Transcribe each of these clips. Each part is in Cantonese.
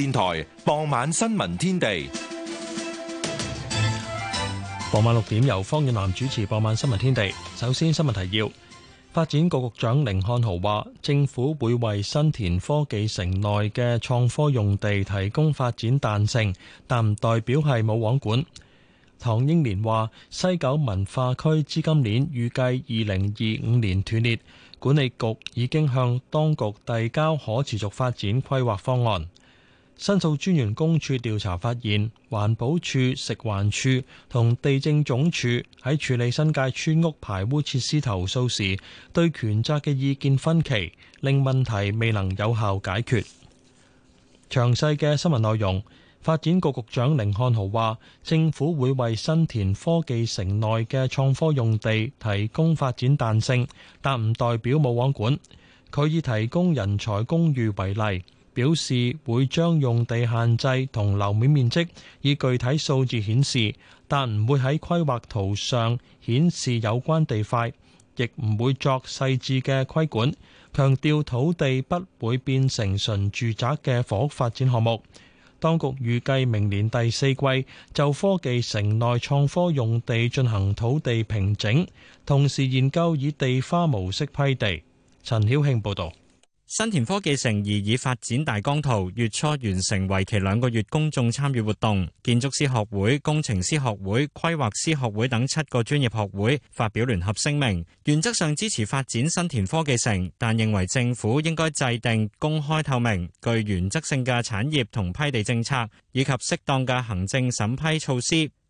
電台傍晚新聞天地。傍晚六點由方遠南主持。傍晚新聞天地，首先新聞提要：發展局局長凌漢豪話，政府會為新田科技城內嘅創科用地提供發展彈性，但唔代表係冇網管。唐英年話，西九文化區資金鏈預計二零二五年斷裂，管理局已經向當局遞交可持續發展規劃方案。申訴專員公署調查發現，環保處、食環署同地政總署喺處理新界村屋排污設施投訴時，對權責嘅意見分歧，令問題未能有效解決。詳細嘅新聞內容，發展局局長甯漢豪話，政府會為新田科技城內嘅創科用地提供發展彈性，但唔代表冇網管。佢以提供人才公寓為例。表示會將用地限制同樓面面積以具體數字顯示，但唔會喺規劃圖上顯示有關地塊亦唔會作細緻嘅規管，強調土地不會變成純住宅嘅房屋發展項目。當局預計明年第四季就科技城內創科用地進行土地平整，同時研究以地花模式批地。陳曉慶報道。新田科技城而以發展大綱圖，月初完成為期兩個月公眾參與活動。建築師學會、工程師學會、規劃師學會等七個專業學會發表聯合聲明，原則上支持發展新田科技城，但認為政府應該制定公開透明、具原則性嘅產業同批地政策，以及適當嘅行政審批措施。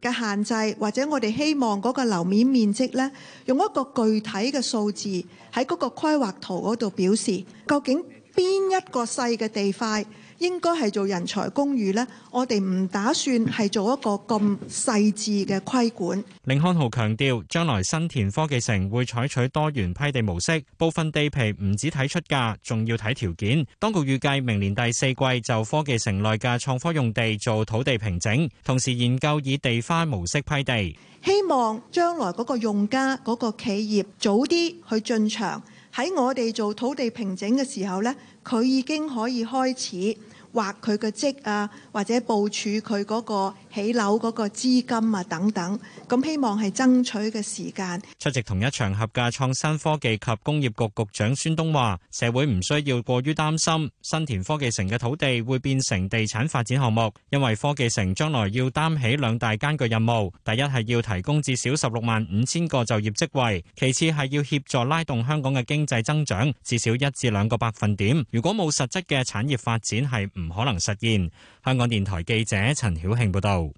嘅限制，或者我哋希望嗰個樓面面積咧，用一個具體嘅數字喺嗰個規劃圖嗰度表示，究竟邊一個細嘅地塊。應該係做人才公寓呢，我哋唔打算係做一個咁細緻嘅規管。甯漢豪強調，將來新田科技城會採取多元批地模式，部分地皮唔止睇出價，仲要睇條件。當局預計明年第四季就科技城內嘅創科用地做土地平整，同時研究以地塊模式批地。希望將來嗰個用家、嗰個企業早啲去進場，喺我哋做土地平整嘅時候呢，佢已經可以開始。劃佢嘅職啊，或者部署佢嗰個起樓嗰個資金啊，等等，咁希望係爭取嘅時間。出席同一場合嘅創新科技及工業局局長孫東話社會唔需要過於擔心新田科技城嘅土地會變成地產發展項目，因為科技城將來要擔起兩大艱巨任務，第一係要提供至少十六萬五千個就業職位，其次係要協助拉動香港嘅經濟增長至少一至兩個百分點，如果冇實質嘅產業發展，係唔可能實現。香港電台記者陳曉慶報道，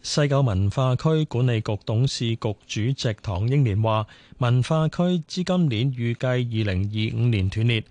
西九文化區管理局董事局主席唐英年話：文化區資金鏈預計二零二五年斷裂，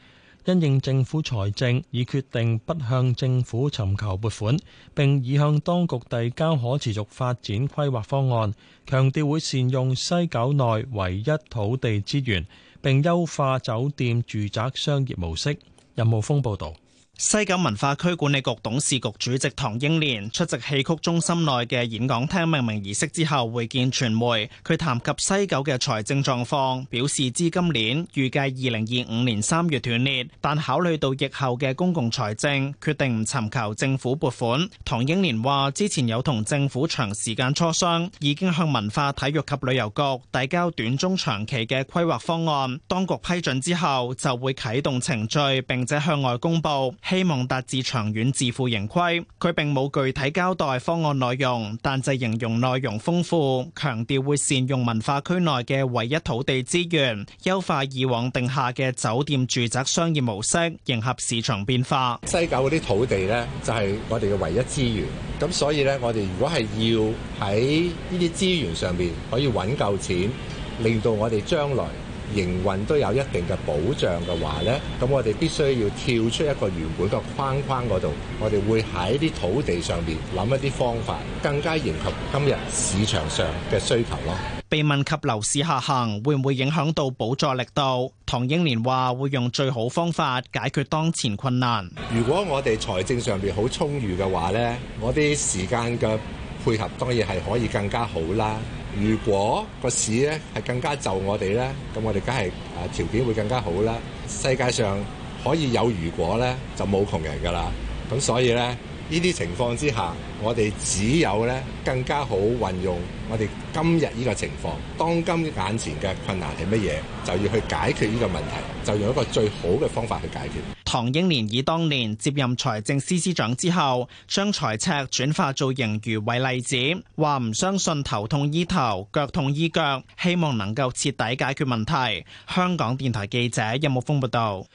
因應政府財政，已決定不向政府尋求撥款，並已向當局遞交可持續發展規劃方案，強調會善用西九內唯一土地資源，並優化酒店、住宅、商業模式。任浩峰報道。西九文化區管理局董事局主席唐英年出席戲曲中心內嘅演講廳命名儀式之後會見傳媒，佢談及西九嘅財政狀況，表示資金鏈預計二零二五年三月斷裂，但考慮到疫後嘅公共財政，決定唔尋求政府撥款。唐英年話：之前有同政府長時間磋商，已經向文化、體育及旅遊局遞交短中長期嘅規劃方案，當局批准之後就會啟動程序並且向外公佈。希望達至長遠自負盈虧。佢並冇具體交代方案內容，但就形容內容豐富，強調會善用文化區內嘅唯一土地資源，優化以往定下嘅酒店、住宅、商業模式，迎合市場變化。西九嗰啲土地呢，就係我哋嘅唯一資源。咁所以呢，我哋如果係要喺呢啲資源上面可以揾夠錢，令到我哋將來，營運都有一定嘅保障嘅話呢，咁我哋必須要跳出一個原本嘅框框嗰度，我哋會喺啲土地上面諗一啲方法，更加迎合今日市場上嘅需求咯。被問及樓市下行會唔會影響到補助力度，唐英年話會用最好方法解決當前困難。如果我哋財政上面好充裕嘅話呢，我啲時間嘅配合當然係可以更加好啦。如果個市咧係更加就我哋呢，咁我哋梗係啊條件會更加好啦。世界上可以有如果呢，就冇窮人噶啦。咁所以呢，呢啲情況之下，我哋只有呢更加好運用我哋今日呢個情況，當今眼前嘅困難係乜嘢，就要去解決呢個問題，就用一個最好嘅方法去解決。唐英年以當年接任財政司司長之後，將財赤轉化做盈餘為例子，話唔相信頭痛醫頭，腳痛醫腳，希望能夠徹底解決問題。香港電台記者任木峰報道。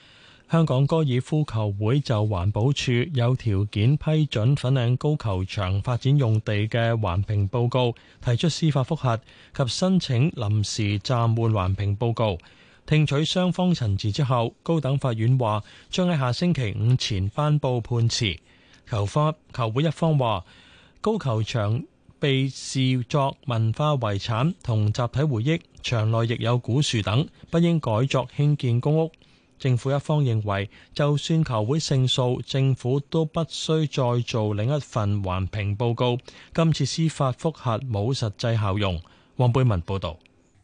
香港哥爾夫球會就環保署有條件批准粉嶺高球場發展用地嘅環評報告，提出司法複核及申請臨時暫緩環評報告。聽取雙方陳詞之後，高等法院話將喺下星期五前頒布判詞。球方球會一方話，高球場被視作文化遺產同集體回憶，場內亦有古樹等，不應改作興建公屋。政府一方認為，就算球會勝訴，政府都不需再做另一份環評報告，今次司法複核冇實際效用。黃貝文報道。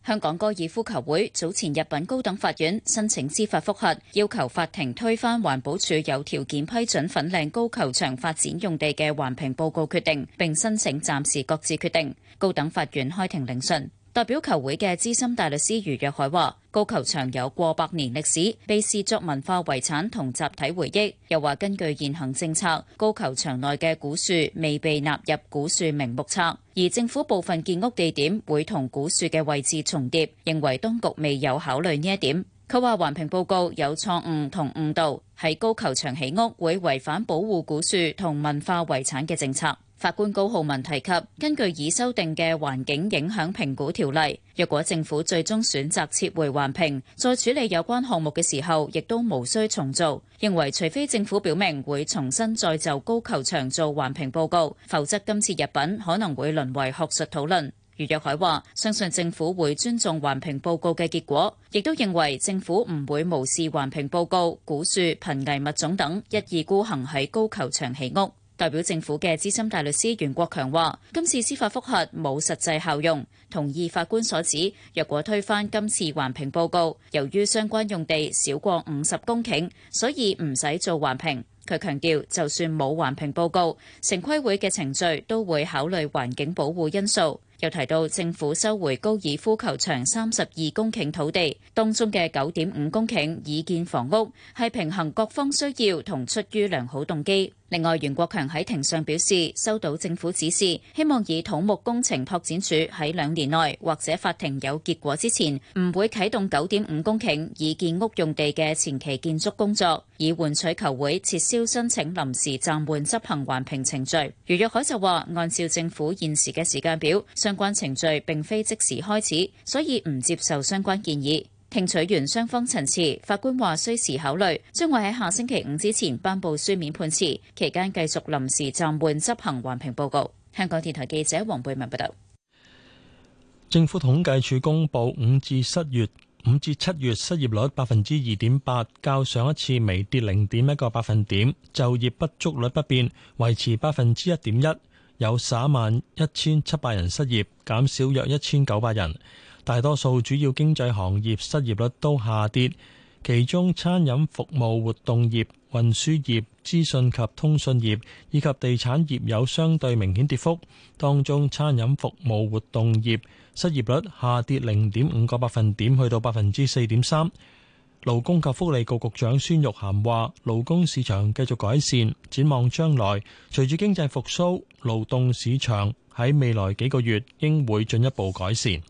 香港哥爾夫球會早前入禀高等法院，申請司法複核，要求法庭推翻環保署有條件批准粉嶺高球場發展用地嘅環評報告決定，並申請暫時擱置決定。高等法院開庭聆訊。代表球會嘅資深大律師余若海話：高球場有過百年歷史，被視作文化遺產同集體回憶。又話根據現行政策，高球場內嘅古樹未被納入古樹名目冊，而政府部分建屋地點會同古樹嘅位置重疊，認為當局未有考慮呢一點。佢話環評報告有錯誤同誤導，喺高球場起屋會違反保護古樹同文化遺產嘅政策。法官高浩文提及，根據已修訂嘅環境影響評估條例，若果政府最終選擇撤回環評，再處理有關項目嘅時候，亦都無需重做。認為除非政府表明會重新再就高球場做環評報告，否則今次入稟可能會淪為學術討論。余若海話：相信政府會尊重環評報告嘅結果，亦都認為政府唔會無視環評報告、古樹、瀕危物種等，一意孤行喺高球場起屋。代表政府嘅資深大律師袁國強話：今次司法複核冇實際效用，同意法官所指。若果推翻今次環評報告，由於相關用地少過五十公頃，所以唔使做環評。佢強調，就算冇環評報告，城規會嘅程序都會考慮環境保護因素。又提到政府收回高爾夫球場三十二公頃土地，當中嘅九點五公頃已建房屋，係平衡各方需要同出於良好動機。另外，袁國強喺庭上表示，收到政府指示，希望以土木工程拓展署，喺兩年內或者法庭有結果之前，唔會啟動九點五公頃以建屋用地嘅前期建築工作，以換取球會撤銷申請臨時暫緩執行環評程序。余若海就話，按照政府現時嘅時間表，相關程序並非即時開始，所以唔接受相關建議。聽取完雙方陳詞，法官話需時考慮，將會喺下星期五之前頒布書面判詞，期間繼續臨時暫緩執行環評報告。香港電台記者黃貝文報道。政府統計處公布五至七月五至七月失業率百分之二點八，較上一次微跌零點一個百分點，就業不足率不變，維持百分之一點一，有十一萬一千七百人失業，減少約一千九百人。大多數主要經濟行業失業率都下跌，其中餐飲服務活動業、運輸業、資訊及通訊業以及地產業有相對明顯跌幅。當中餐飲服務活動業失業率下跌零點五個百分點，去到百分之四點三。勞工及福利局局長孫玉菡話：勞工市場繼續改善，展望將來隨住經濟復蘇，勞動市場喺未來幾個月應會進一步改善。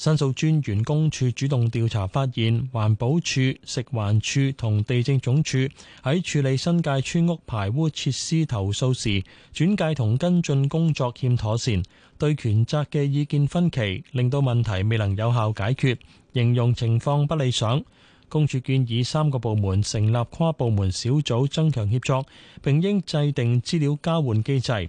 申訴專員公署主動調查發現，環保署、食環署同地政總署喺處理新界村屋排污設施投訴時，轉介同跟進工作欠妥善，對權責嘅意見分歧，令到問題未能有效解決，形容情況不理想。公署建議三個部門成立跨部門小組，增強協作，並應制定資料交換機制。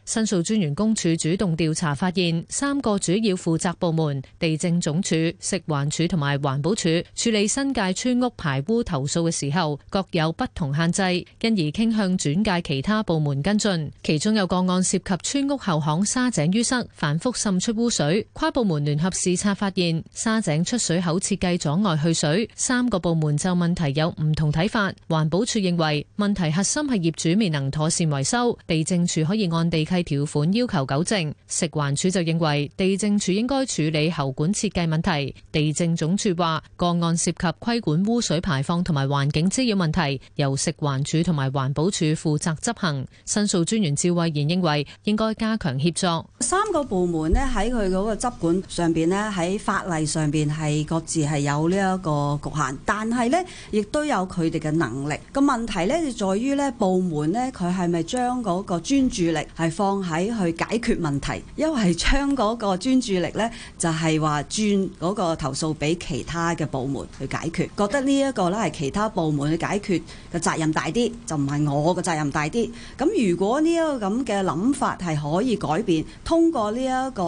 申訴專員公署主動調查發現，三個主要負責部門地政總署、食環署同埋環保署處理新界村屋排污投訴嘅時候各有不同限制，因而傾向轉介其他部門跟進。其中有個案涉及村屋後巷沙井淤塞，反覆滲出污水。跨部門聯合視察發現，沙井出水口設計阻礙去水。三個部門就問題有唔同睇法，環保署認為問題核心係業主未能妥善維修，地政署可以按地契。條款要求糾正，食環署就認為地政署應該處理喉管設計問題。地政總署話個案涉及規管污水排放同埋環境滋擾問題，由食環署同埋環保署負責執行。申訴專員趙慧賢認為應該加強協作。三個部門咧喺佢嗰個執管上邊咧喺法例上邊係各自係有呢一個局限，但係呢亦都有佢哋嘅能力。個問題就在於呢部門呢佢係咪將嗰個專注力係？放喺去解決問題，因為將嗰個專注力咧，就係話轉嗰個投訴俾其他嘅部門去解決。覺得呢一個咧係其他部門去解決嘅責任大啲，就唔係我嘅責任大啲。咁如果呢一個咁嘅諗法係可以改變，通過呢一個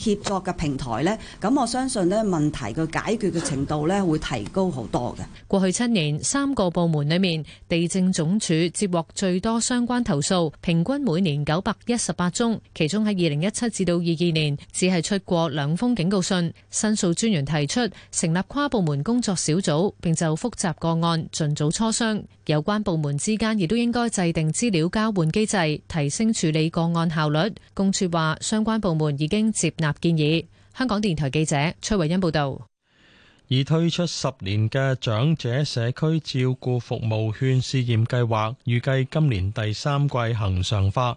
協作嘅平台咧，咁我相信咧問題嘅解決嘅程度咧會提高好多嘅。過去七年，三個部門裏面，地政總署接獲最多相關投訴，平均每年九百一。十八宗，其中喺二零一七至到二二年只係出過兩封警告信。申訴專員提出成立跨部門工作小組，並就複雜個案盡早磋商。有關部門之間亦都應該制定資料交換機制，提升處理個案效率。公署話，相關部門已經接納建議。香港電台記者崔慧欣報道。已推出十年嘅長者社區照顧服務券試驗計劃，預計今年第三季恒常化。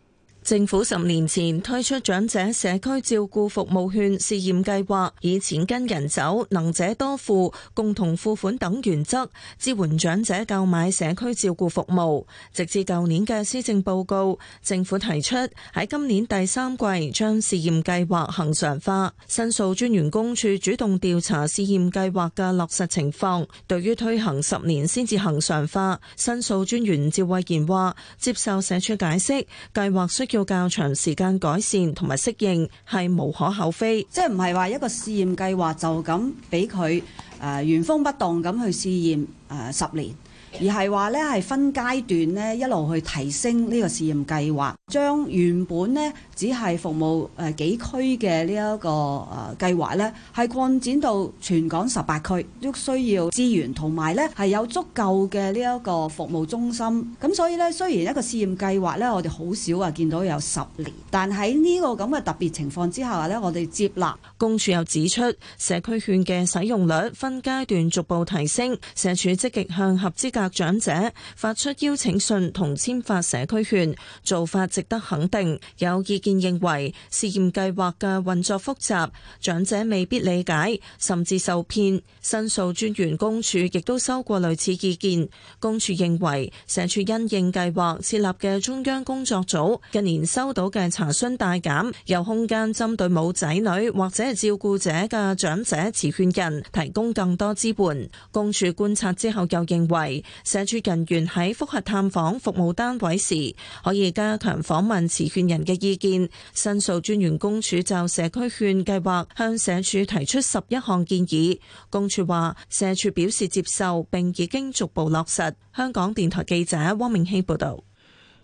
政府十年前推出長者社區照顧服務券試驗計劃，以錢跟人走、能者多付、共同付款等原則支援長者購買社區照顧服務。直至舊年嘅施政報告，政府提出喺今年第三季將試驗計劃恆常化。申訴專員公署主動調查試驗計劃嘅落實情況。對於推行十年先至恆常化，申訴專員趙慧賢話接受社署解釋，計劃需。要較長時間改善同埋適應係無可厚非，即係唔係話一個試驗計劃就咁俾佢誒原封不動咁去試驗誒十年。而係話咧，係分階段咧，一路去提升呢個試驗計劃，將原本咧只係服務誒幾區嘅呢一個誒計劃咧，係擴展到全港十八區，都需要資源同埋咧係有足夠嘅呢一個服務中心。咁所以咧，雖然一個試驗計劃咧，我哋好少啊見到有十年，但喺呢個咁嘅特別情況之下咧，我哋接納。公署又指出，社區券嘅使用率分階段逐步提升，社署積極向合資格。長者發出邀請信同簽發社區券，做法值得肯定。有意見認為試驗計劃嘅運作複雜，長者未必理解，甚至受騙。申訴專員公署亦都收過類似意見。公署認為社署因應計劃設立嘅中央工作組近年收到嘅查詢大減，有空間針對冇仔女或者係照顧者嘅長者持券人提供更多支援。公署觀察之後又認為。社署人員喺覆核探訪服務單位時，可以加強訪問持券人嘅意見。申訴專員公署就社區券計劃向社署提出十一項建議，公署話社署表示接受並已經逐步落實。香港電台記者汪明希報導。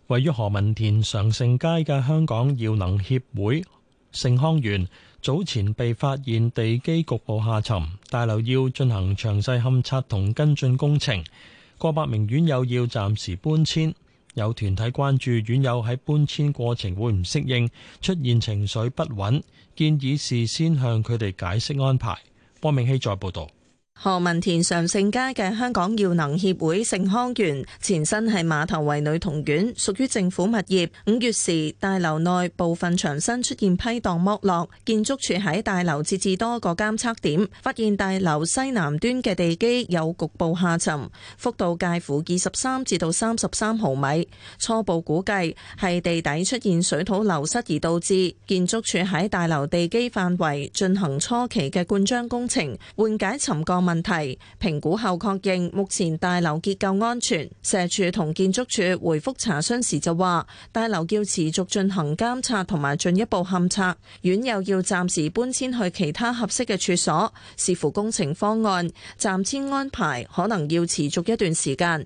位於何文田常盛街嘅香港耀能協會盛康園，早前被發現地基局部下沉，大樓要進行詳細勘測同跟進工程，過百名院友要暫時搬遷，有團體關注院友喺搬遷過程會唔適應，出現情緒不穩，建議事先向佢哋解釋安排。方明希再報道。何文田常盛街嘅香港耀能協會盛康園，前身係馬頭圍女童院，屬於政府物業。五月時，大樓內部分牆身出現批蕩剝落，建築署喺大樓設置多個監測點，發現大樓西南端嘅地基有局部下沉，幅度介乎二十三至到三十三毫米，初步估計係地底出現水土流失而導致。建築署喺大樓地基範圍進行初期嘅灌漿工程，緩解沉降。問題評估後確認，目前大樓結構安全。社署同建築署回覆查詢時就話，大樓要持續進行監察同埋進一步勘測，院友要暫時搬遷去其他合適嘅處所，視乎工程方案，暫遷安排可能要持續一段時間。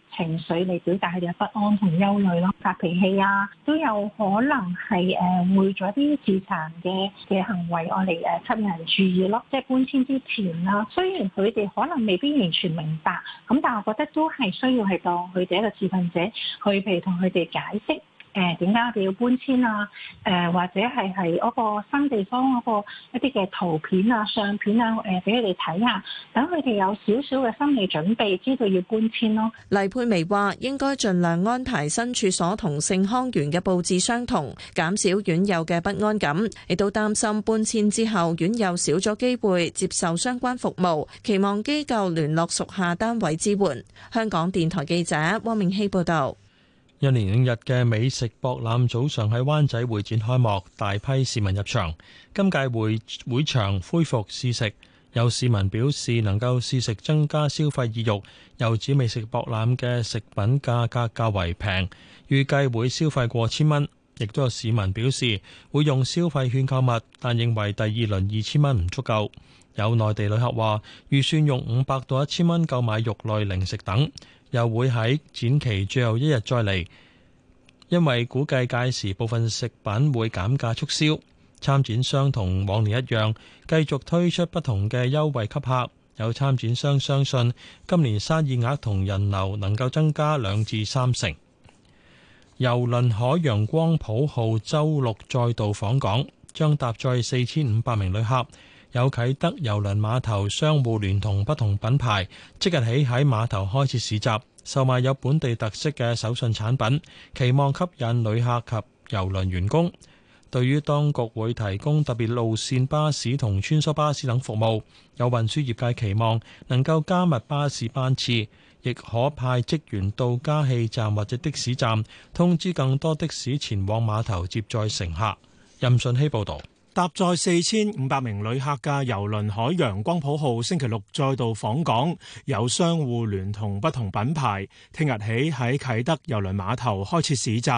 情緒嚟表達佢哋嘅不安同憂慮咯，發脾氣啊，都有可能係誒會咗啲自殘嘅嘅行為，我嚟誒吸引人注意咯。即係搬遷之前啦，雖然佢哋可能未必完全明白，咁但係我覺得都係需要係當佢哋一個持份者去嚟同佢哋解釋。誒點解我哋要搬遷啊？誒或者係係嗰個新地方嗰個一啲嘅圖片啊、相片啊，誒俾佢哋睇下，等佢哋有少少嘅心理準備，知道要搬遷咯。黎佩薇話：應該盡量安排新處所同盛康園嘅佈置相同，減少院友嘅不安感。亦都擔心搬遷之後，院友少咗機會接受相關服務，期望機構聯絡屬下單位支援。香港電台記者汪明希報導。一連五日嘅美食博覽早上喺灣仔會展開幕，大批市民入場。今屆會會場恢復試食，有市民表示能夠試食增加消費意欲。又指美食博覽嘅食品價格較為平，預計會消費過千蚊。亦都有市民表示會用消費券購物，但認為第二輪二千蚊唔足夠。有內地旅客話預算用五百到一千蚊購買肉類零食等。又會喺展期最後一日再嚟，因為估計屆時部分食品會減價促銷。參展商同往年一樣，繼續推出不同嘅優惠吸客。有參展商相信今年生意額同人流能夠增加兩至三成。郵輪海洋光譜號周六再度訪港，將搭載四千五百名旅客。有啟德郵輪碼頭商戶聯同不同品牌，即日起喺碼頭開設市集，售賣有本地特色嘅手信產品，期望吸引旅客及郵輪員工。對於當局會提供特別路線巴士同穿梭巴士等服務，有運輸業界期望能夠加密巴士班次，亦可派職員到加氣站或者的士站通知更多的士前往碼頭接載乘客。任信希報導。搭載四千五百名旅客嘅郵輪海洋光譜號星期六再度訪港，有商戶聯同不同品牌聽日起喺啟德郵輪碼頭開設市集。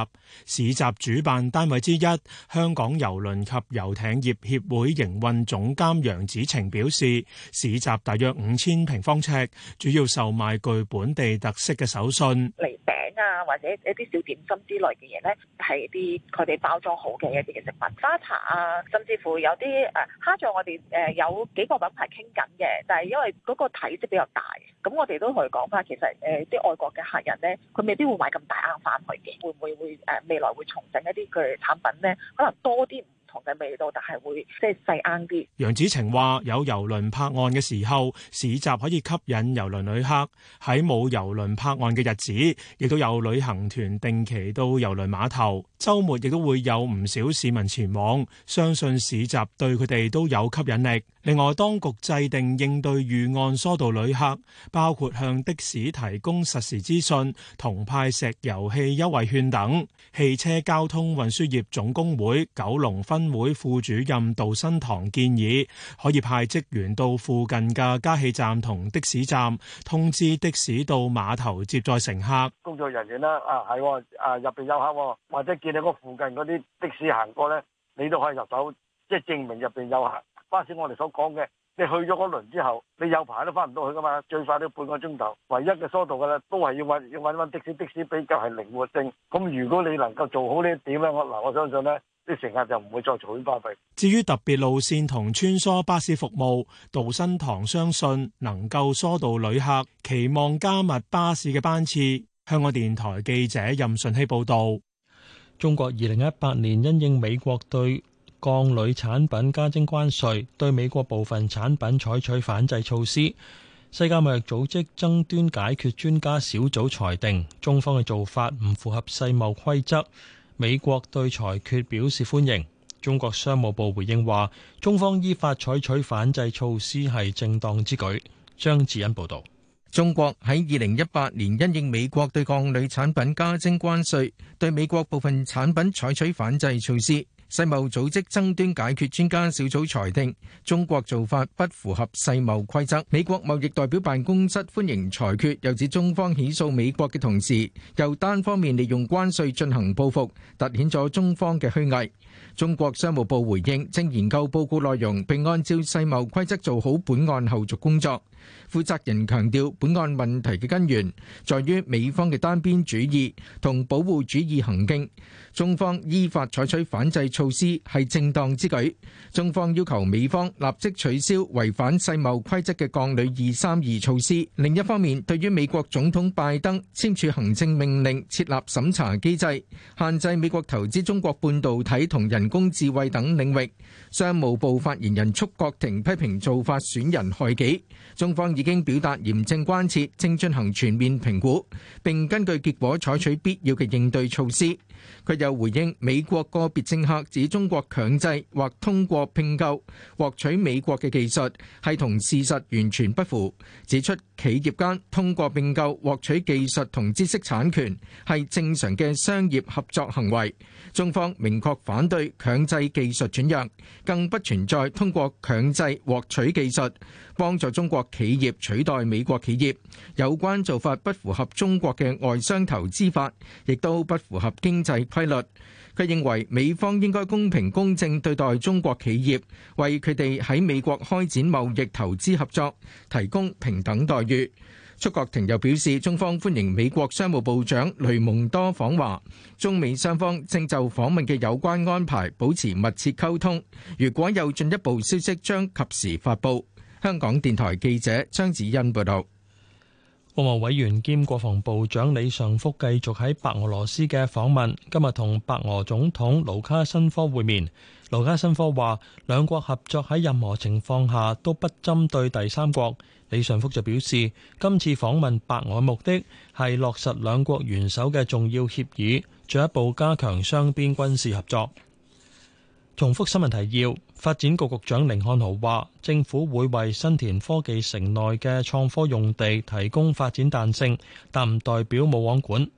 市集主辦單位之一香港郵輪及遊艇業協會營運總監楊子晴表示，市集大約五千平方尺，主要售賣具本地特色嘅手信。啊，或者一啲小點心之類嘅嘢咧，係啲佢哋包裝好嘅一啲嘅食物，花茶啊，甚至乎有啲誒蝦醬，啊、我哋誒有幾個品牌傾緊嘅，但係因為嗰個體積比較大，咁我哋都同佢講翻，其實誒啲、呃、外國嘅客人咧，佢未必會買咁大盒翻去嘅，會唔會會誒未來會重整一啲佢產品咧？可能多啲，嘅味道，但係會即係細啱啲。楊子晴話有郵輪泊岸嘅時候，市集可以吸引郵輪旅客；喺冇郵輪泊岸嘅日子，亦都有旅行團定期到郵輪碼頭，周末亦都會有唔少市民前往，相信市集對佢哋都有吸引力。另外，當局制定應對預案，疏導旅客，包括向的士提供實時資訊，同派石油氣優惠券等。汽車交通運輸業總工會九龍分會副主任杜新堂建議，可以派職員到附近嘅加氣站同的士站通知的士到碼頭接載乘客。工作人員咧啊，係、哦、啊入邊有客、哦，或者見到個附近嗰啲的士行過咧，你都可以入手，即係證明入邊有客。巴士我哋所講嘅，你去咗嗰輪之後，你有排都翻唔到去噶嘛？最快都半個鐘頭，唯一嘅疏導嘅啦，都係要揾要揾翻的士，的士比較係靈活性。咁如果你能夠做好呢一點咧，我嗱我相信咧，啲乘客就唔會再隨便花費。至於特別路線同穿梭巴士服務，杜新堂相信能夠疏導旅客，期望加密巴士嘅班次。香港電台記者任順希報導。中國二零一八年因應美國對鋼鋁產品加徵關稅，對美國部分產品採取反制措施。世界貿易組織爭端解決專家小組裁定，中方嘅做法唔符合世貿規則。美國對裁決表示歡迎。中國商務部回應話：中方依法採取反制措施係正當之舉。張智恩報導。中國喺二零一八年因應美國對鋼鋁產品加徵關稅，對美國部分產品採取反制措施。世貿組織爭端、解決專家小組裁定，中國做法不符合世貿規則。美國貿易代表辦公室歡迎裁決，又指中方起訴美國嘅同時，又單方面利用關稅進行報復，凸顯咗中方嘅虛偽。中國商務部回應，正研究報告內容，並按照世貿規則做好本案後續工作。負責人強調，本案問題嘅根源在於美方嘅單邊主義同保護主義行徑，中方依法採取反制措施係正當之舉。中方要求美方立即取消違反世貿規則嘅鋼鋁二三二措施。另一方面，對於美國總統拜登簽署行政命令設立審查機制，限制美國投資中國半導體同人工智慧等領域，商務部發言人束國婷批評做法損人害己。中方已經表達嚴正關切，正進行全面評估，並根據結果採取必要嘅應對措施。佢又回應美國個別政客指中國強制或通過併購獲取美國嘅技術係同事實完全不符，指出企業間通過併購獲取技術同知識產權係正常嘅商業合作行為。中方明確反對強制技術轉讓，更不存在通過強制獲取技術幫助中國企業取代美國企業。有關做法不符合中國嘅外商投資法，亦都不符合經濟規律，佢認為美方應該公平公正對待中國企業，為佢哋喺美國開展貿易投資合作提供平等待遇。束國廷又表示，中方歡迎美國商務部長雷蒙多訪華，中美雙方正就訪問嘅有關安排保持密切溝通，如果有進一步消息將及時發布。香港電台記者張子欣報道。國務委員兼國防部長李尚福繼續喺白俄羅斯嘅訪問，今日同白俄總統盧卡申科會面。盧卡申科話，兩國合作喺任何情況下都不針對第三國。李尚福就表示，今次訪問白俄嘅目的係落實兩國元首嘅重要協議，進一步加強雙邊軍事合作。重複新聞提要，發展局局長寧漢豪話，政府會為新田科技城內嘅創科用地提供發展彈性，但唔代表冇網管。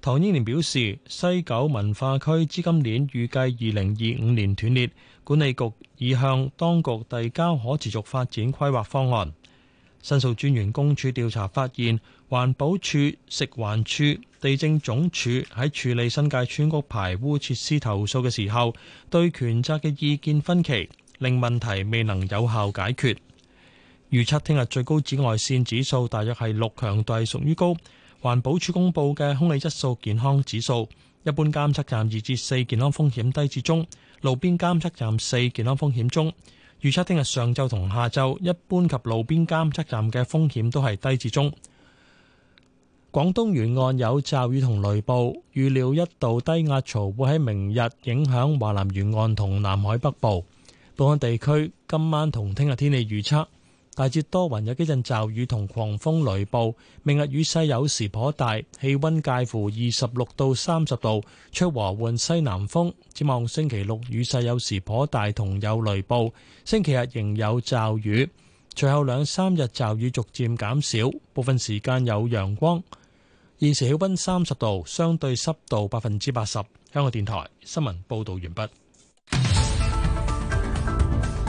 唐英年表示，西九文化區資金鏈預計二零二五年斷裂，管理局已向當局遞交可持續發展規劃方案。申訴專員公署調查發現，環保處食環署、地政總署喺處理新界村屋排污設施投訴嘅時候，對權責嘅意見分歧，令問題未能有效解決。預測聽日最高紫外線指數大約係六，強度係屬於高。環保署公佈嘅空氣質素健康指數，一般監測站二至四，健康風險低至中；路邊監測站四，健康風險中。預測聽日上晝同下晝，一般及路邊監測站嘅風險都係低至中。廣東沿岸有驟雨同雷暴，預料一道低壓槽會喺明日影響華南沿岸同南海北部。本港地區今晚同聽日天氣預測，大致多雲，有幾陣驟雨同狂風雷暴。明日雨勢有時頗大，氣溫介乎二十六到三十度，吹和緩西南風。展望星期六雨勢有時頗大，同有雷暴。星期日仍有驟雨，隨後兩三日驟雨逐漸減少，部分時間有陽光。現時氣温三十度，相對濕度百分之八十。香港電台新聞報道完畢。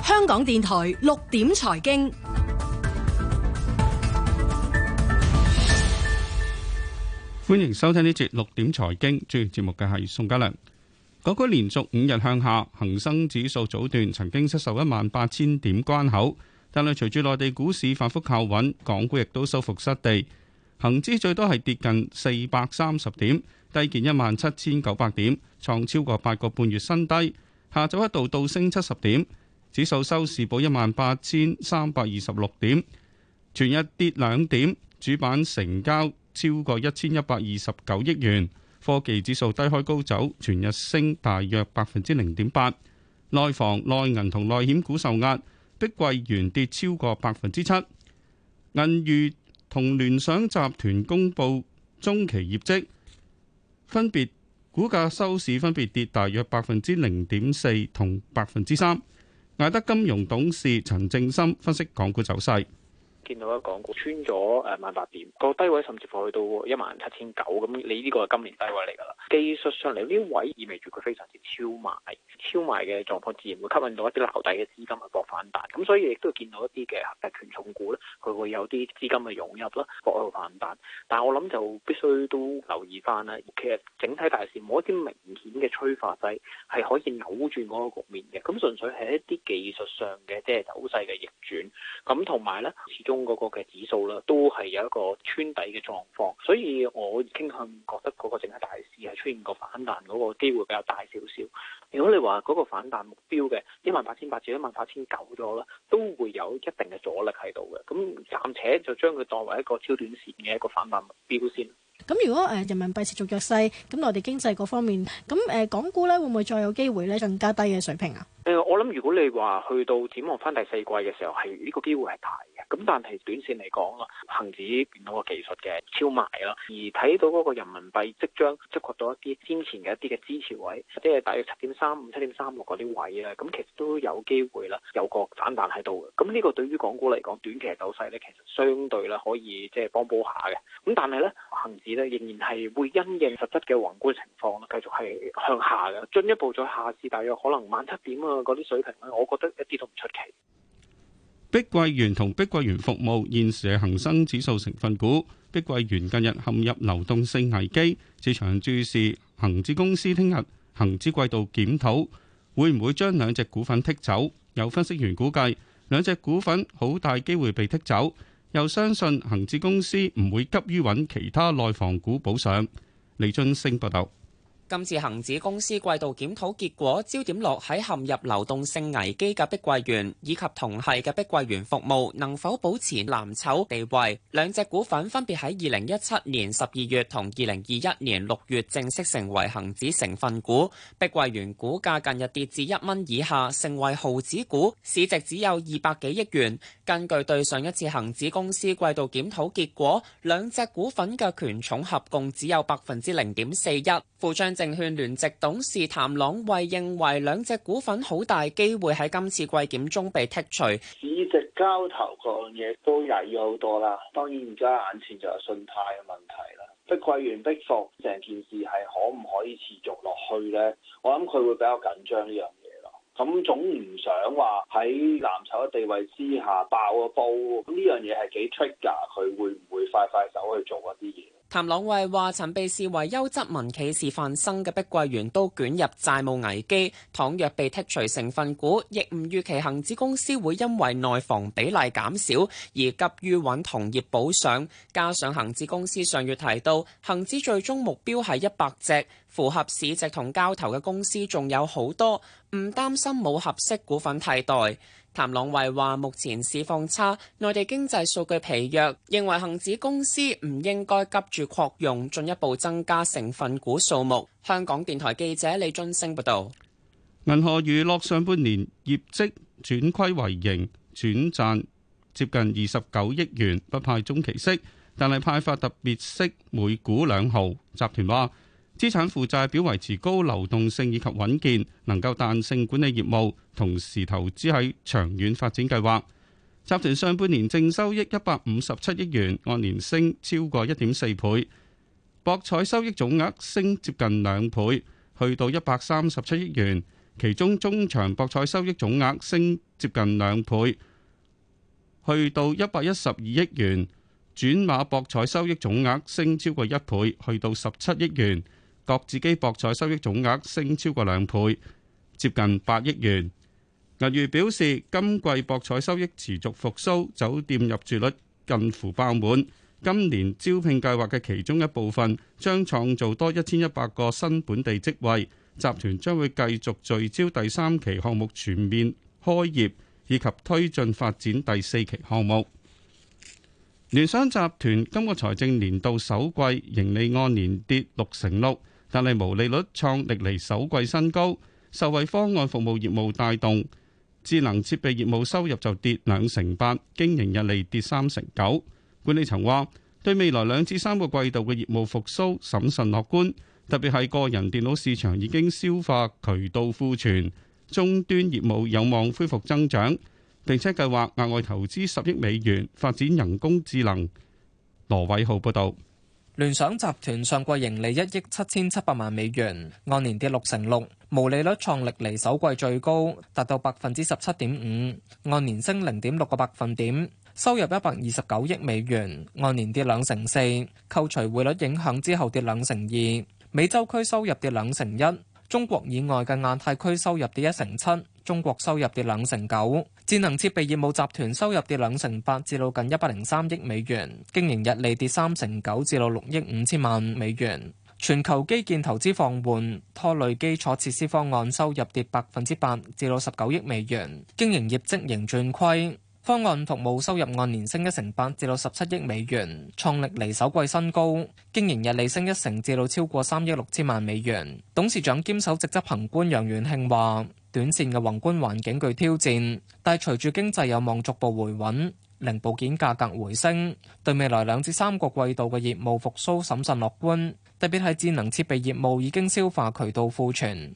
香港電台六點財經，歡迎收聽呢節六點財經。主持節目嘅係宋家良。港股連續五日向下，恒生指數早段曾經失守一萬八千點關口，但係隨住內地股市反覆靠穩，港股亦都收復失地。恒指最多係跌近四百三十點，低見一萬七千九百點，創超過八個半月新低。下晝一度倒升七十點，指數收市報一萬八千三百二十六點，全日跌兩點。主板成交超過一千一百二十九億元。科技指數低開高走，全日升大約百分之零點八。內房、內銀同內險股受壓，碧桂園跌超過百分之七，銀娛同聯想集團公佈中期業績，分別股價收市分別跌大約百分之零點四同百分之三。艾德金融董事陳正森分析港股走勢。見到一個港股穿咗誒、呃、萬八點、個低位，甚至乎去到一萬七千九咁，你呢個係今年低位嚟㗎啦。技術上嚟呢位意味住佢非常之超賣，超賣嘅狀況自然會吸引到一啲留底嘅資金去搏反彈。咁所以亦都見到一啲嘅誒權重股咧，佢會有啲資金嘅湧入啦，搏去反彈。但係我諗就必須都留意翻啦。其實整體大市冇一啲明顯嘅催化劑係可以扭轉嗰個局面嘅，咁純粹係一啲技術上嘅即係走勢嘅逆轉。咁同埋咧，嗰個嘅指數啦，都係有一個穿底嘅狀況，所以我傾向覺得嗰個整體大市係出現個反彈嗰個機會比較大少少。如果你話嗰個反彈目標嘅一萬八千八至一萬八千九咗啦，都會有一定嘅阻力喺度嘅。咁暫且就將佢當為一個超短線嘅一個反彈目標先。咁如果誒人民幣持續弱勢，咁內地經濟嗰方面，咁誒、呃、港股咧會唔會再有機會咧更加低嘅水平啊？誒、呃，我諗如果你話去到展望翻第四季嘅時候，係呢個機會係大嘅。咁但係短線嚟講啊，恆指變到個技術嘅超賣啦，而睇到嗰個人民幣即將觸及到一啲先前嘅一啲嘅支持位，即係大約七點三五、七點三六嗰啲位啊。咁其實都有機會啦，有個反彈喺度。咁呢個對於港股嚟講，短期嘅走勢咧，其實相對啦可以即係幫補下嘅。咁但係咧恆市咧仍然係會因應實質嘅宏觀情況啦，繼續係向下嘅，進一步再下至，大約可能萬七點啊嗰啲水平咧，我覺得一啲都唔出奇。碧桂園同碧桂園服務現時係恆生指數成分股，碧桂園近日陷入流動性危機，市場注視恆指公司聽日恆指季度檢討，會唔會將兩隻股份剔走？有分析員估計，兩隻股份好大機會被剔走。又相信恒指公司唔會急於揾其他內房股補上，李俊升報道。今次恆指公司季度檢討結果，焦點落喺陷入流動性危機嘅碧桂園以及同系嘅碧桂園服務能否保持藍籌地位。兩隻股份分別喺二零一七年十二月同二零二一年六月正式成為恆指成分股。碧桂園股價近日跌至一蚊以下，成為毫子股，市值只有二百幾億元。根據對上一次恆指公司季度檢討結果，兩隻股份嘅權重合共只有百分之零點四一，附將者。證券聯席董事譚朗為認為兩隻股份好大機會喺今次季檢中被剔除，市值交投嗰樣嘢都熱咗好多啦。當然而家眼前就係信貸嘅問題啦，碧桂園逼服，成件事係可唔可以持續落去呢？我諗佢會比較緊張呢樣嘢咯。咁總唔想話喺藍籌嘅地位之下爆個煲，咁呢樣嘢係幾 trigger，佢會唔會快快手去做一啲嘢？譚朗慧話：曾被視為優質民企示範生嘅碧桂園都捲入債務危機，倘若被剔除成分股，亦唔預期恆指公司會因為內房比例減少而急於揾同業補償。加上恒指公司上月提到，恒指最終目標係一百隻符合市值同交投嘅公司，仲有好多，唔擔心冇合適股份替代。譚朗維話：目前市況差，內地經濟數據疲弱，認為恒指公司唔應該急住擴容，進一步增加成分股數目。香港電台記者李津升報道。銀河娛樂上半年業績轉虧為盈，轉賺接近二十九億元，不派中期息，但係派發特別息每股兩毫。集團話。資產負債表維持高流動性以及穩健，能夠彈性管理業務，同時投資喺長遠發展計劃。集團上半年淨收益一百五十七億元，按年升超過一點四倍。博彩收益總額升接近兩倍，去到一百三十七億元，其中中場博彩收益總額升接近兩倍，去到一百一十二億元。轉馬博彩收益總額升超過一倍，去到十七億元。各自己博彩收益總額升超過兩倍，接近八億元。銀娛表示，今季博彩收益持續復蘇，酒店入住率近乎爆滿。今年招聘計劃嘅其中一部分將創造多一千一百個新本地職位。集團將會繼續聚焦第三期項目全面開業，以及推進發展第四期項目。聯想集團今個財政年度首季盈利按年跌六成六。但係毛利率創歷嚟首季新高，受惠方案服務業務帶動，智能設備業務收入就跌兩成八，經營溢利跌三成九。管理層話對未來兩至三個季度嘅業務復甦審慎樂觀，特別係個人電腦市場已經消化渠道庫存，終端業務有望恢復增長，並且計劃額外投資十億美元發展人工智能。羅偉浩報導。聯想集團上季盈利一億七千七百萬美元，按年跌六成六，毛利率創歷嚟首季最高，達到百分之十七點五，按年升零點六個百分點。收入一百二十九億美元，按年跌兩成四，扣除匯率影響之後跌兩成二。美洲區收入跌兩成一，中國以外嘅亞太區收入跌一成七。中國收入跌兩成九，智能設備業務集團收入跌兩成八，至到近一百零三億美元，經營日利跌三成九，至到六億五千萬美元。全球基建投資放緩，拖累基礎設施方案收入跌百分之八，至到十九億美元，經營業績仍轉虧。方案服務收入按年升一成八，至到十七億美元，創歷嚟首季新高，經營日利升一成，至到超過三億六千萬美元。董事長兼首席執行官楊元慶話。短線嘅宏觀環境具挑戰，但係隨住經濟有望逐步回穩，零部件價格回升，對未來兩至三個季度嘅業務復甦審慎樂觀。特別係智能設備業務已經消化渠道庫存。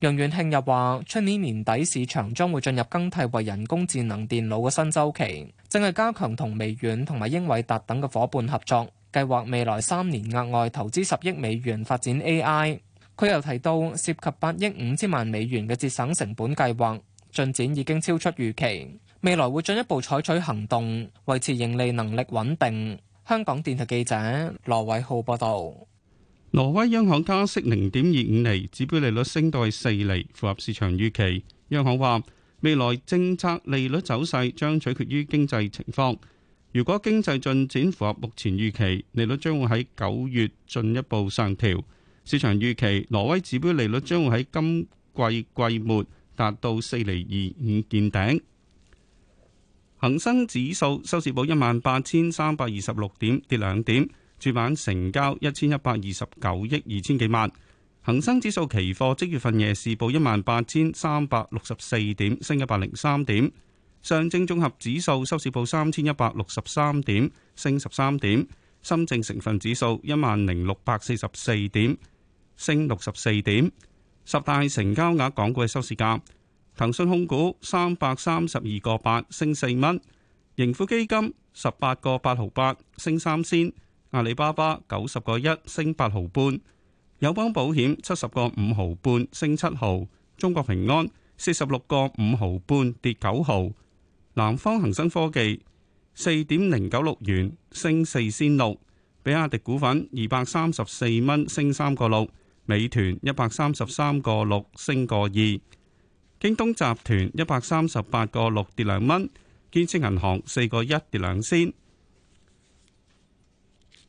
楊元慶又話出年年底市場將會進入更替為人工智能電腦嘅新周期，正係加強同微軟同埋英偉達等嘅夥伴合作，計劃未來三年額外投資十億美元發展 AI。佢又提到涉及八億五千萬美元嘅節省成本計劃進展已經超出預期，未來會進一步採取行動維持盈利能力穩定。香港電台記者羅偉浩報道。挪威央行加息零點二五厘，指標利率升到四厘，符合市場預期。央行話未來政策利率走勢將取決於經濟情況。如果經濟進展符合目前預期，利率將會喺九月進一步上調。市場預期挪威指標利率將會喺今季季末達到四厘二五見頂。恒生指數收市報一萬八千三百二十六點，跌兩點。主板成交一千一百二十九億二千幾萬，恒生指數期貨即月份夜市報一萬八千三百六十四點，升一百零三點。上證綜合指數收市報三千一百六十三點，升十三點。深證成分指數一萬零六百四十四點，升六十四點。十大成交額港股嘅收市價，騰訊控股三百三十二個八，升四蚊；盈富基金十八個八毫八，升三仙。阿里巴巴九十個一升八毫半，友邦保險七十個五毫半升七毫，中國平安四十六個五毫半跌九毫，南方恒生科技四點零九六元升四仙六，比亞迪股份二百三十四蚊升三個六，美團一百三十三個六升個二，京東集團一百三十八個六跌兩蚊，建設銀行四個一跌兩仙。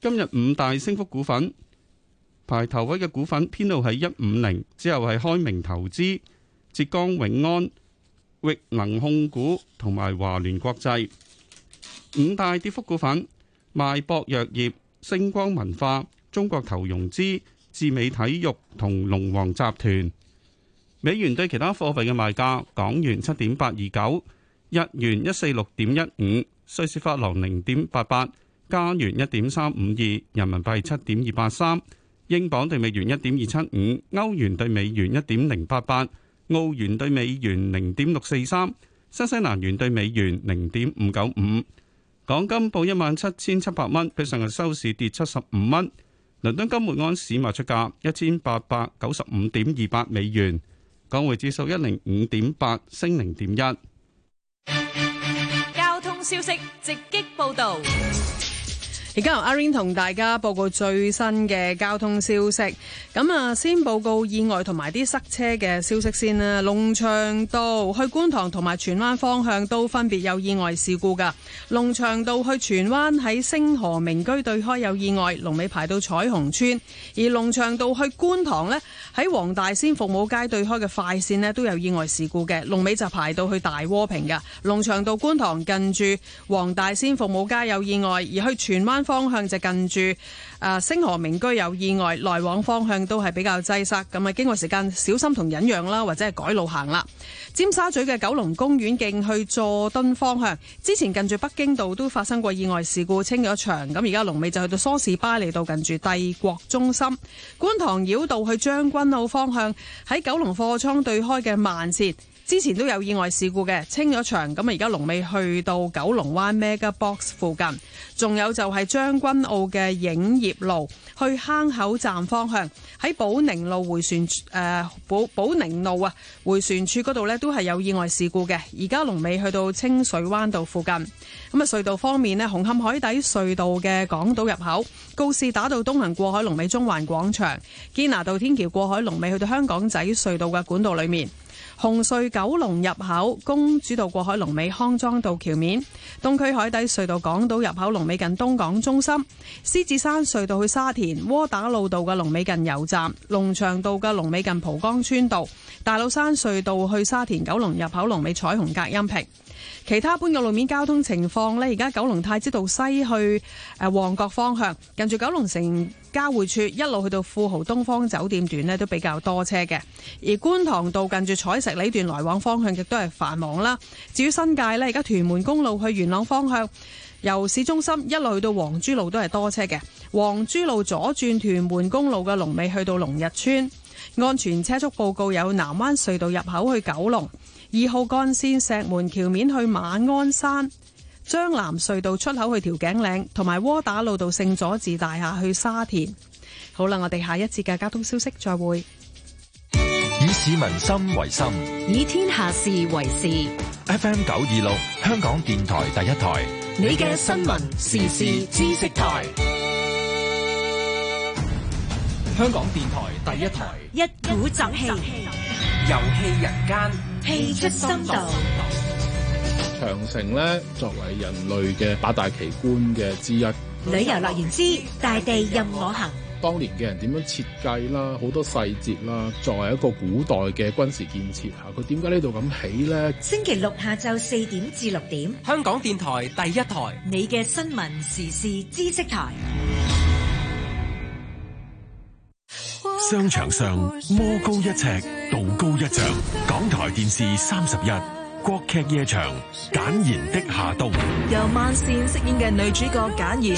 今日五大升幅股份排頭位嘅股份，編號係一五零，之後係開明投資、浙江永安、域能控股同埋華聯國際。五大跌幅股份，邁博藥業、星光文化、中國投融資、智美體育同龍王集團。美元對其他貨幣嘅賣價，港元七點八二九，日元一四六點一五，瑞士法郎零點八八。加元一點三五二，2, 人民幣七點二八三，英鎊對美元一點二七五，歐元對美元一點零八八，澳元對美元零點六四三，新西蘭元對美元零點五九五。港金報一萬七千七百蚊，比上日收市跌七十五蚊。倫敦金每安市賣出價一千八百九十五點二八美元，港匯指數一零五點八升零點一。交通消息直擊報道。而家阿 Ring 同大家報告最新嘅交通消息。咁啊，先報告意外同埋啲塞車嘅消息先啦。龍翔道去觀塘同埋荃灣方向都分別有意外事故㗎。龍翔道去荃灣喺星河名居對開有意外，龍尾排到彩虹村。而龍翔道去觀塘呢，喺黃大仙服務街對開嘅快線呢都有意外事故嘅，龍尾就排到去大窩坪嘅。龍翔道觀塘近住黃大仙服務街有意外，而去荃灣方向就近住、啊、星河名居有意外，來往方向都係比較擠塞咁啊。經過時間小心同忍讓啦，或者係改路行啦。尖沙咀嘅九龍公園徑去佐敦方向，之前近住北京道都，都發生過意外事故清咗場，咁而家龍尾就去到梳士巴利道近住帝國中心觀塘，繞道去將軍澳方向，喺九龍貨倉對開嘅慢線。之前都有意外事故嘅，清咗場，咁啊而家龍尾去到九龍灣 Mega Box 附近，仲有就係將軍澳嘅影業路去坑口站方向，喺寶寧路回旋誒寶寶寧路啊回旋處嗰度呢都係有意外事故嘅，而家龍尾去到清水灣道附近，咁啊隧道方面呢，紅磡海底隧道嘅港島入口、告士打道東行過海龍尾中環廣場，堅拿道天橋過海龍尾去到香港仔隧道嘅管道裏面。紅隧九龍入口、公主道過海龍尾康莊道橋面、東區海底隧道港島入口龍尾近東港中心、獅子山隧道去沙田窩打老道嘅龍尾近油站、龍翔道嘅龍尾近蒲崗村道、大老山隧道去沙田九龍入口龍尾彩虹隔音屏。其他半嘅路面交通情況呢，而家九龍太子道西去誒旺角方向，近住九龍城交匯處一路去到富豪東方酒店段呢都比較多車嘅。而觀塘道近住彩石呢段來往方向亦都係繁忙啦。至於新界呢，而家屯門公路去元朗方向，由市中心一路去到黃珠路都係多車嘅。黃珠路左轉屯門公路嘅龍尾去到龍日村，安全車速報告有南灣隧道入口去九龍。二號幹線石門橋面去馬鞍山，張南隧道出口去調景嶺，同埋窩打老道聖佐治大廈去沙田。好啦，我哋下一節嘅交通消息，再會。以市民心為心，以天下事為事。F M 九二六，香港電台第一台。你嘅新聞時事知識台，香港電台第一台。一鼓作氣，遊戲人間。氣出深度，長城咧，作為人類嘅八大奇觀嘅之一，旅遊樂園之大地任我行。當年嘅人點樣設計啦，好多細節啦，作為一個古代嘅軍事建設吓，佢點解呢度咁起咧？星期六下晝四點至六點，香港電台第一台，你嘅新聞時事知識台。商場上，魔高一尺，道高一丈。港台電視三十一，國劇夜場，簡言的夏冬，由萬茜飾演嘅女主角簡言，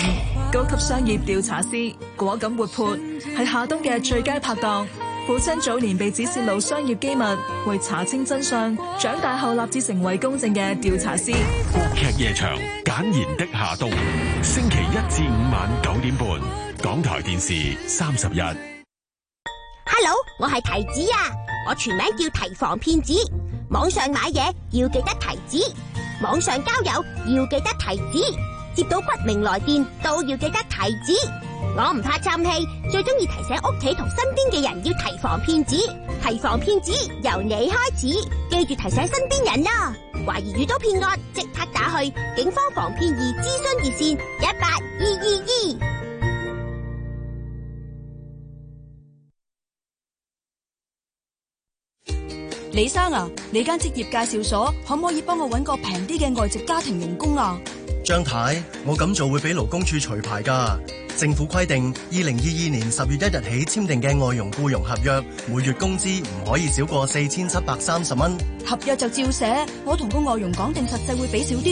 高級商業調查師，果敢活潑，係夏冬嘅最佳拍檔。父親早年被指泄露商業機密，為查清真相，長大後立志成為公正嘅調查師。國劇夜場，簡言的夏冬，星期一至五晚九點半，港台電視三十一。大佬，我係提子呀，我全名叫提防騙子。網上買嘢要記得提子，網上交友要記得提子，接到不明來電都要記得提子。我唔怕嘥氣，最中意提醒屋企同身邊嘅人要提防騙子。提防騙子由你開始，記住提醒身邊人啦。懷疑遇到騙案，即刻打去警方防騙二諮詢熱線一八二二二。李生啊，你間職業介紹所可唔可以幫我揾個平啲嘅外籍家庭傭工啊？張太，我咁做會俾勞工處除牌噶。政府規定，二零二二年十月一日起簽訂嘅外傭僱傭合約，每月工資唔可以少過四千七百三十蚊。合約就照寫，我同個外傭講定實際會俾少啲。